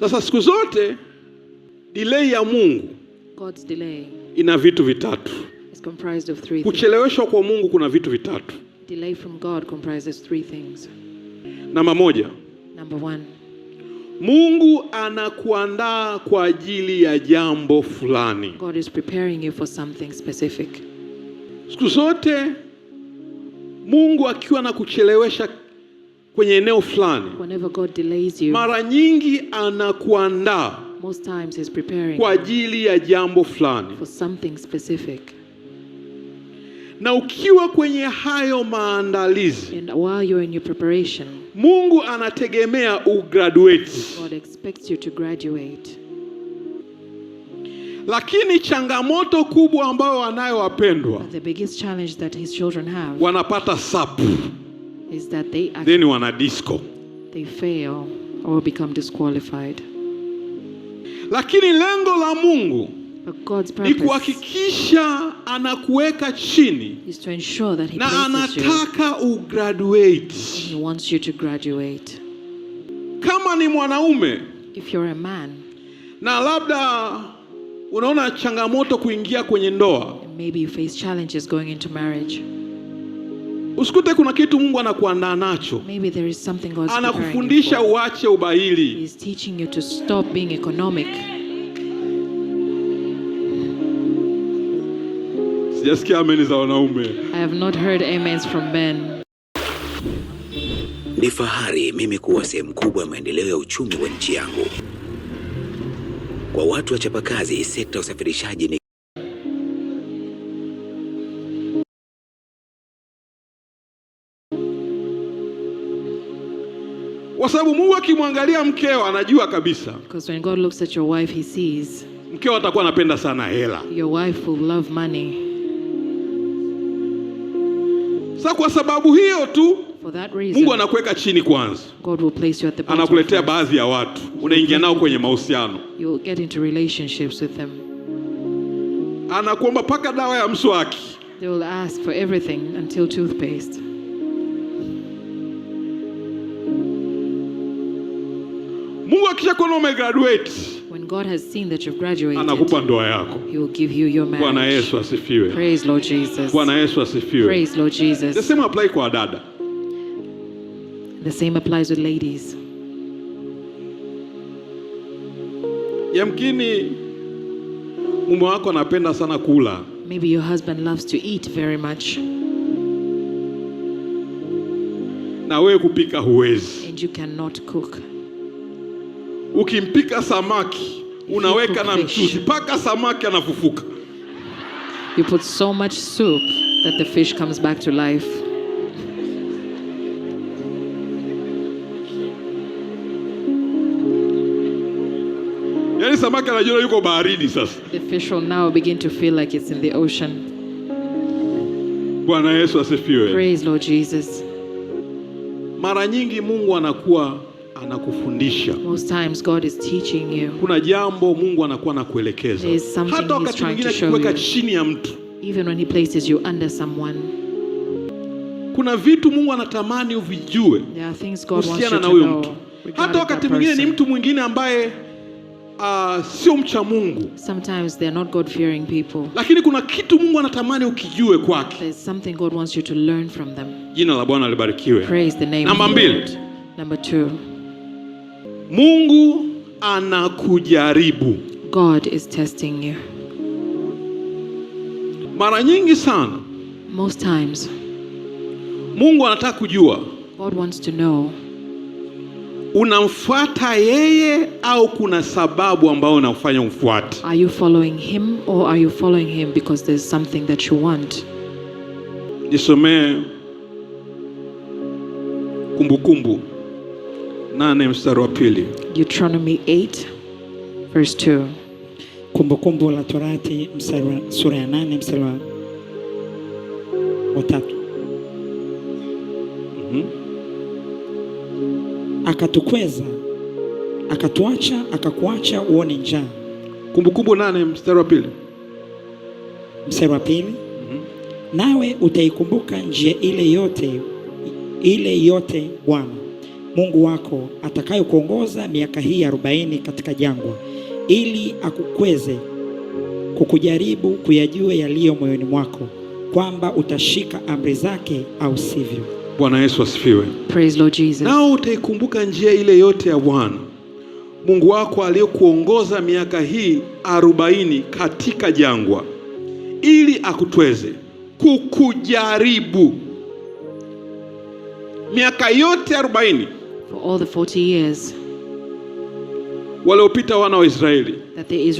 Sasa siku zote delay ya Mungu God's delay ina vitu vitatu. It's comprised of three Kucheleweshwa kwa Mungu kuna vitu vitatu. Delay from God comprises three things. Namba moja. Number one. Mungu anakuandaa kwa ajili ya jambo fulani. God is preparing you for something specific. Siku zote Mungu akiwa na kuchelewesha kwenye eneo fulani, mara nyingi anakuandaa kwa ajili ya jambo fulani, na ukiwa kwenye hayo maandalizi, Mungu anategemea ugraduate. Lakini changamoto kubwa ambayo wanayo wapendwa, wanapata sapu is that they act, then wana disco they fail or become disqualified. Lakini lengo la Mungu ni kuhakikisha anakuweka chini is to ensure that he na anataka ugraduate. He wants you to graduate. Kama ni mwanaume If you're a man, na labda unaona changamoto kuingia kwenye ndoa, maybe you face challenges going into marriage Usikute kuna kitu Mungu anakuandaa nacho, anakufundisha uache ubahili. Sijasikia ameni za wanaume. Ni fahari mimi kuwa sehemu kubwa ya maendeleo ya uchumi wa nchi yangu. Kwa watu wachapakazi, sekta ya usafirishaji ni Kwa sababu Mungu akimwangalia mkeo anajua kabisa. Because when God looks at your wife he sees. Mkeo atakuwa anapenda sana hela. Your wife will love money. Sasa kwa sababu hiyo tu For that reason, Mungu anakuweka chini kwanza. God will place you at the bottom. Anakuletea baadhi ya watu, unaingia nao kwenye mahusiano. You will get into relationships with them. Anakuomba paka dawa ya mswaki. They will ask for everything until toothpaste. yako na umegraduate, when God has seen that you've graduated, anakupa ndoa yako. He will give you your marriage. Bwana Yesu asifiwe. Praise Lord Jesus. Bwana Yesu asifiwe. Praise Lord Jesus. The same apply kwa dada. The same applies with ladies. Yamkini mume wako anapenda sana kula. Maybe your husband loves to eat very much. Na wewe kupika huwezi. And you cannot cook ukimpika samaki unaweka na mchuzi mpaka samaki anafufuka. You put so much soup that the fish comes back to life. Yani samaki anajua yuko baharini sasa. The fish will now begin to feel like it's in the ocean. Bwana Yesu asifiwe. Praise Lord Jesus. Mara nyingi Mungu anakuwa anakufundisha. Most times God is teaching you. Kuna jambo Mungu anakuwa anakuelekeza hata wakati mwingine akikuweka chini ya mtu. Even when he places you under someone. Kuna vitu Mungu anatamani uvijue kuhusiana na huyo mtu, hata wakati mwingine ni mtu mwingine ambaye Uh, sio mcha Mungu. Sometimes they are not God fearing people. Lakini kuna kitu Mungu anatamani ukijue kwake. There's something God wants you to learn from them. Jina la Bwana libarikiwe. Praise the name of the Namba mbili. Number two. Mungu anakujaribu. God is testing you. Mara nyingi sana. Most times. Mungu anataka kujua. God wants to know. Unamfuata yeye au kuna sababu ambayo unafanya umfuate? Are you following him or are you following him because there's something that you want? Nisomee Kumbukumbu 8 mstari wa pili. Deuteronomy 8 verse 2. Kumbukumbu la Torati sura ya 8 mstari wa mhm. Akatukweza, akatuacha, akakuacha uone njaa. Kumbukumbu nane mstari wa pili. Mstari wa pili. mm -hmm. Nawe utaikumbuka njia ile yote ile yote Bwana Mungu wako atakayokuongoza miaka hii arobaini katika jangwa, ili akukweze kukujaribu kuyajua yaliyo moyoni mwako, kwamba utashika amri zake au sivyo. Bwana Yesu asifiwe. Praise Lord Jesus. Nao utaikumbuka njia ile yote ya Bwana Mungu wako aliyokuongoza miaka hii arobaini katika jangwa, ili akutweze kukujaribu miaka yote arobaini for all the 40 years waliopita wana wa Israeli,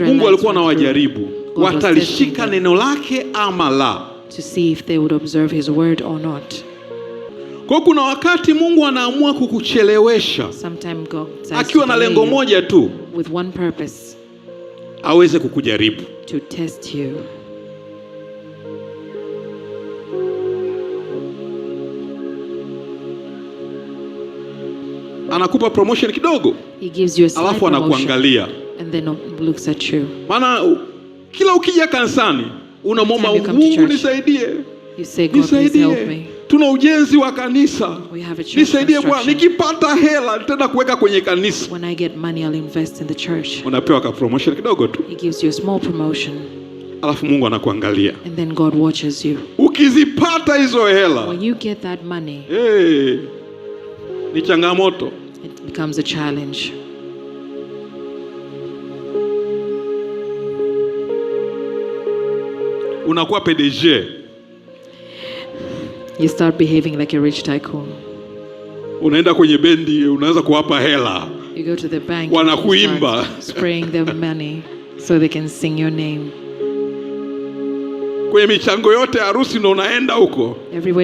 Mungu alikuwa anawajaribu watalishika neno lake ama la. To see if they would observe his word or not. Kwa kuna wakati Mungu anaamua kukuchelewesha akiwa na lengo moja tu, with one purpose, aweze kukujaribu to test you. anakupa promotion kidogo, alafu anakuangalia, maana kila ukija kanisani unamwomba Mungu nisaidie, nisaidie tuna ujenzi wa kanisa, nisaidie Bwana. Nikipata hela nitaenda kuweka kwenye kanisa. Unapewa ka promotion kidogo tu, alafu Mungu anakuangalia. Ukizipata hizo hela, hey, eh, ni changamoto becomes a challenge. Unakuwa PDG. You start behaving like a rich tycoon. Unaenda kwenye bendi, unaanza kuwapa hela. You go to the bank. Wanakuimba. Spraying them money so they can sing your name. Kwenye michango yote harusi ndo unaenda huko.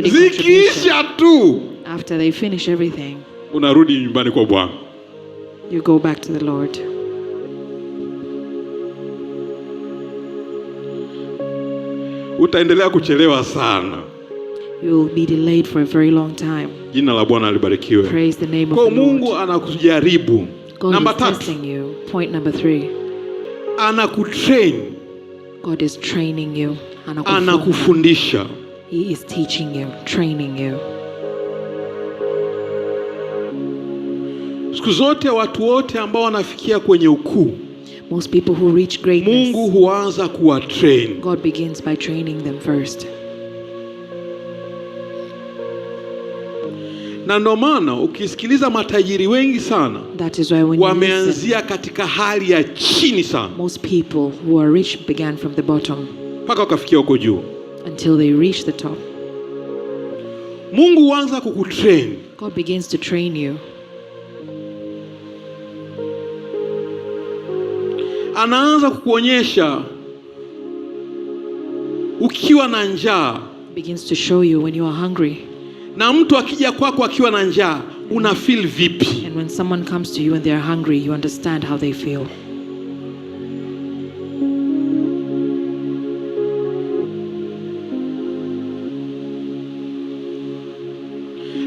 Zikiisha tu. After they finish everything unarudi nyumbani kwa Bwana. You go back to the Lord. Utaendelea kuchelewa sana. You will be delayed for a very long time. Jina la Bwana libarikiwe. Praise the name of the Lord. Kwa Mungu anakujaribu. Namba tatu. Point number three. Anakutrain. God is training you. Anakufundisha. He is teaching you, training you. Siku zote watu wote ambao wanafikia kwenye ukuu Most people who reach greatness, Mungu huanza kuwa train. God begins by training them first. Na ndio maana ukisikiliza matajiri wengi sana wameanzia katika hali ya chini sana. Most people who are rich began from the bottom. Mpaka wakafikia huko juu. Until they reach the top. Mungu huanza kukutrain. God begins to train you. anaanza kukuonyesha ukiwa na njaa begins to show you when you are hungry. Na mtu akija kwako akiwa na njaa una feel vipi? And when someone comes to you and they are hungry, you understand how they feel.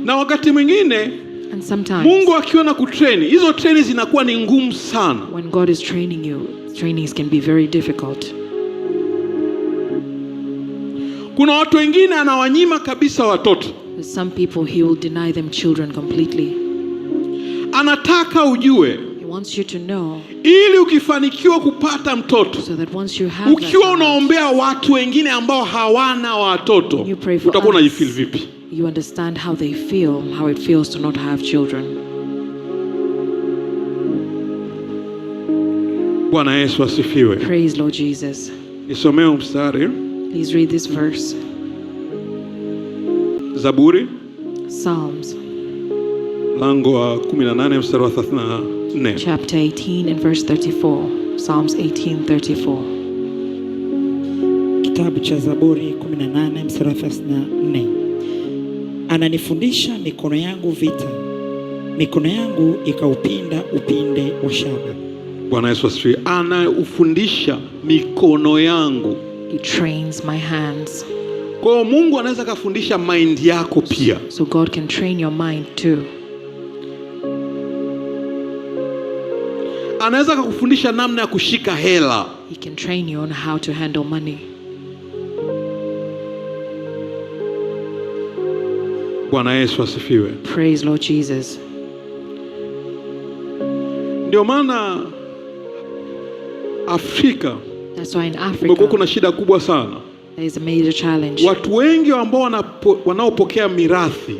Na wakati mwingine And sometimes, Mungu akiwa na kutreni, hizo treni zinakuwa ni ngumu sana. When God is training you, trainings can be very difficult. Kuna watu wengine anawanyima kabisa watoto. Some people he will deny them children completely. Anataka ujue wants you to know, ili ukifanikiwa kupata mtoto so that once you have ukiwa unaombea watu wengine ambao hawana watoto utakuwa unajifeel vipi? you understand how they feel, how it feels to not have children. Bwana Praise Lord Jesus. Please read this verse. Zaburi. Psalms. Mlango wa wa Chapter 18 and verse 34. Psalms 18:34. Kitabu cha Zaburi 18 ananifundisha mikono yangu vita, mikono yangu ikaupinda upinde wa shaba. Bwana Yesu asifiwe. Anaufundisha mikono yangu. He trains my hands. Kwa Mungu anaweza akafundisha mind yako pia. So God can train your mind too. Anaweza akakufundisha namna ya kushika hela. He can train you on how to handle money. Bwana Yesu asifiwe. Praise Lord Jesus. Ndio maana Afrika kumekuwa kuna shida kubwa sana. There is a major challenge. Watu wengi ambao wanaopokea mirathi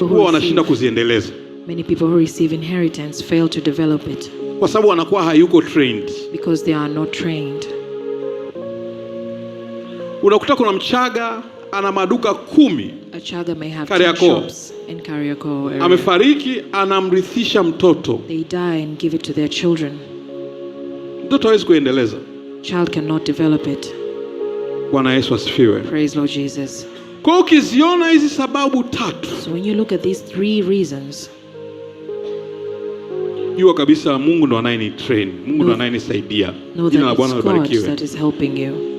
huwa wanashinda kuziendeleza. Many people who receive inheritance fail to develop it. Kwa sababu wanakuwa hayuko trained. Because they are not trained. Unakuta kuna Mchaga ana maduka kumi Kariakoo. Amefariki, anamrithisha mtoto. Mtoto hawezi kuendeleza. Bwana Yesu asifiwe. Kwa ukiziona hizi sababu tatu, So jua kabisa Mungu ndo anayenitrain, Mungu ndo anayenisaidia. Jina la Bwana libarikiwe.